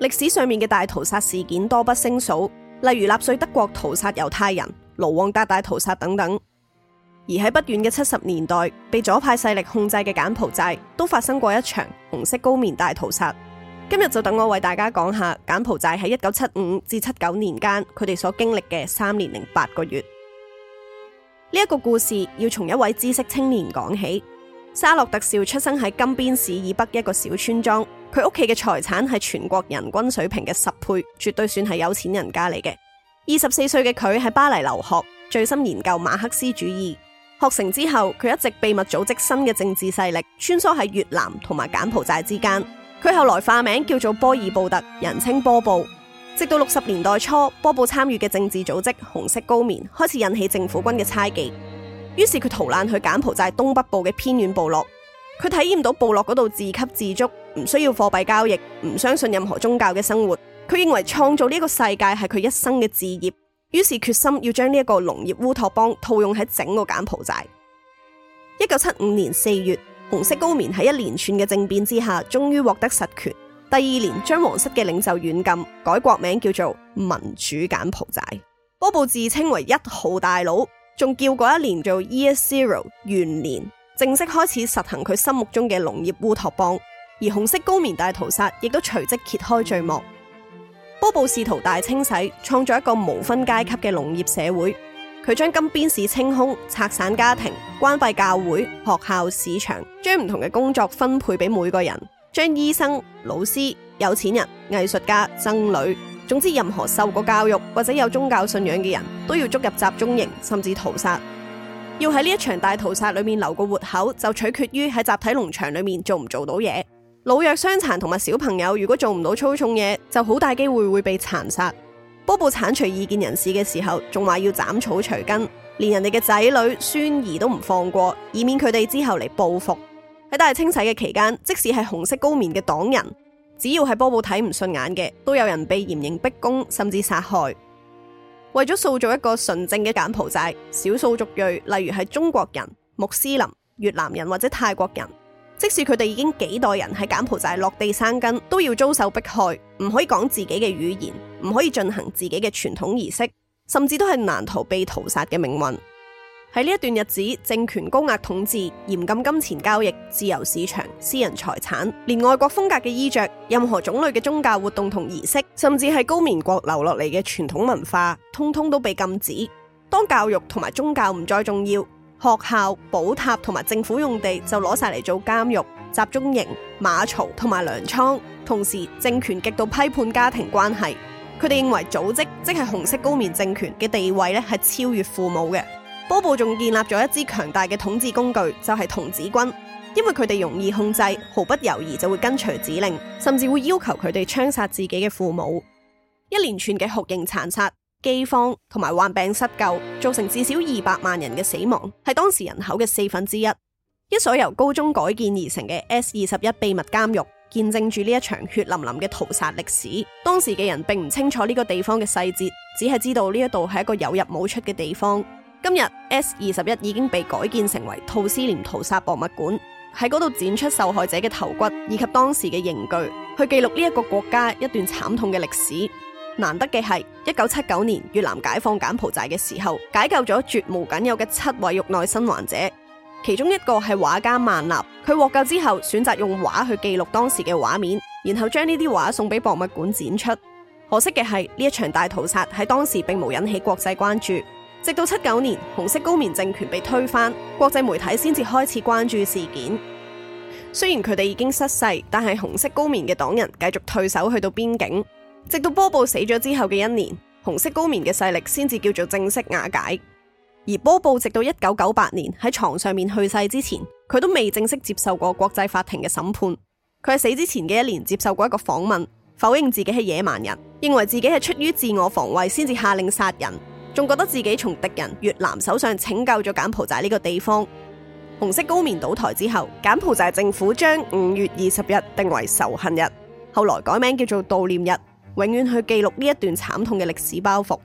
歷史上面嘅大屠殺事件多不勝數，例如納粹德國屠殺猶太人、盧旺達大，大屠殺等等。而喺不遠嘅七十年代，被左派勢力控制嘅柬埔寨都發生過一場紅色高棉大屠殺。今日就等我為大家講下柬埔寨喺一九七五至七九年間，佢哋所經歷嘅三年零八個月。呢、這、一個故事要從一位知識青年講起。沙洛特少出生喺金邊市以北一個小村莊，佢屋企嘅財產係全國人均水平嘅十倍，絕對算係有錢人家嚟嘅。二十四歲嘅佢喺巴黎留學，醉心研究馬克思主義。學成之後，佢一直秘密組織新嘅政治勢力，穿梭喺越南同埋柬埔寨之間。佢後來化名叫做波爾布特，人稱波布。直到六十年代初，波布參與嘅政治組織紅色高棉開始引起政府軍嘅猜忌。於是佢逃難去柬埔寨東北部嘅偏遠部落，佢體驗到部落嗰度自給自足，唔需要貨幣交易，唔相信任何宗教嘅生活。佢認為創造呢個世界係佢一生嘅事業，於是決心要將呢一個農業烏托邦套用喺整個柬埔寨。一九七五年四月，紅色高棉喺一連串嘅政變之下，終於獲得實權。第二年將皇室嘅領袖軟禁，改國名叫做民主柬埔寨。波布自稱為一號大佬。仲叫嗰一年做 Year Zero 元年，正式開始實行佢心目中嘅農業烏托邦，而紅色高棉大屠殺亦都隨即揭開序幕。波布試圖大清洗，創造一個無分階級嘅農業社會。佢將金邊市清空，拆散家庭，關閉教會、學校、市場，將唔同嘅工作分配俾每個人，將醫生、老師、有錢人、藝術家、僧侶，總之任何受過教育或者有宗教信仰嘅人。都要捉入集中營，甚至屠殺。要喺呢一場大屠殺裏面留個活口，就取決於喺集體農場裏面做唔做到嘢。老弱傷殘同埋小朋友，如果做唔到粗重嘢，就好大機會會被殘殺。波布鏟除異見人士嘅時候，仲話要斬草除根，連人哋嘅仔女孫兒都唔放過，以免佢哋之後嚟報復。喺大清洗嘅期間，即使係紅色高棉嘅黨人，只要係波布睇唔順眼嘅，都有人被嚴刑逼供，甚至殺害。為咗塑造一個純正嘅柬埔寨，少數族裔，例如係中國人、穆斯林、越南人或者泰國人，即使佢哋已經幾代人喺柬埔寨落地生根，都要遭受迫害，唔可以講自己嘅語言，唔可以進行自己嘅傳統儀式，甚至都係難逃被屠殺嘅命運。喺呢一段日子，政權高壓統治，嚴禁金錢交易、自由市場、私人財產，連外國風格嘅衣着、任何種類嘅宗教活動同儀式，甚至係高棉國留落嚟嘅傳統文化，通通都被禁止。當教育同埋宗教唔再重要，學校、寶塔同埋政府用地就攞晒嚟做監獄、集中營、馬槽同埋糧倉。同時，政權極度批判家庭關係，佢哋認為組織即係紅色高棉政權嘅地位咧，係超越父母嘅。波布仲建立咗一支強大嘅統治工具，就係、是、童子軍，因為佢哋容易控制，毫不猶豫就會跟隨指令，甚至會要求佢哋槍殺自己嘅父母。一連串嘅酷刑殘殺，殘殺、饑荒同埋患病失救，造成至少二百萬人嘅死亡，係當時人口嘅四分之一。一所由高中改建而成嘅 S 二十一秘密監獄，見證住呢一場血淋淋嘅屠殺歷史。當時嘅人並唔清楚呢個地方嘅細節，只係知道呢一度係一個有入冇出嘅地方。今日 S 二十一已經被改建成為吐斯廉屠殺博物館，喺嗰度展出受害者嘅頭骨以及當時嘅刑具，去記錄呢一個國家一段慘痛嘅歷史。難得嘅係，一九七九年越南解放柬埔寨嘅時候，解救咗絕無僅有嘅七位獄內生還者，其中一個係畫家萬立。佢獲救之後，選擇用畫去記錄當時嘅畫面，然後將呢啲畫送俾博物館展出。可惜嘅係，呢一場大屠殺喺當時並冇引起國際關注。直到七九年，紅色高棉政權被推翻，國際媒體先至開始關注事件。雖然佢哋已經失勢，但係紅色高棉嘅黨人繼續退守去到邊境。直到波布死咗之後嘅一年，紅色高棉嘅勢力先至叫做正式瓦解。而波布直到一九九八年喺床上面去世之前，佢都未正式接受過國際法庭嘅審判。佢喺死之前嘅一年接受過一個訪問，否認自己係野蠻人，認為自己係出於自我防衛先至下令殺人。仲覺得自己從敵人越南手上拯救咗柬埔寨呢個地方，紅色高棉倒台之後，柬埔寨政府將五月二十日定為仇恨日，後來改名叫做悼念日，永遠去記錄呢一段慘痛嘅歷史包袱。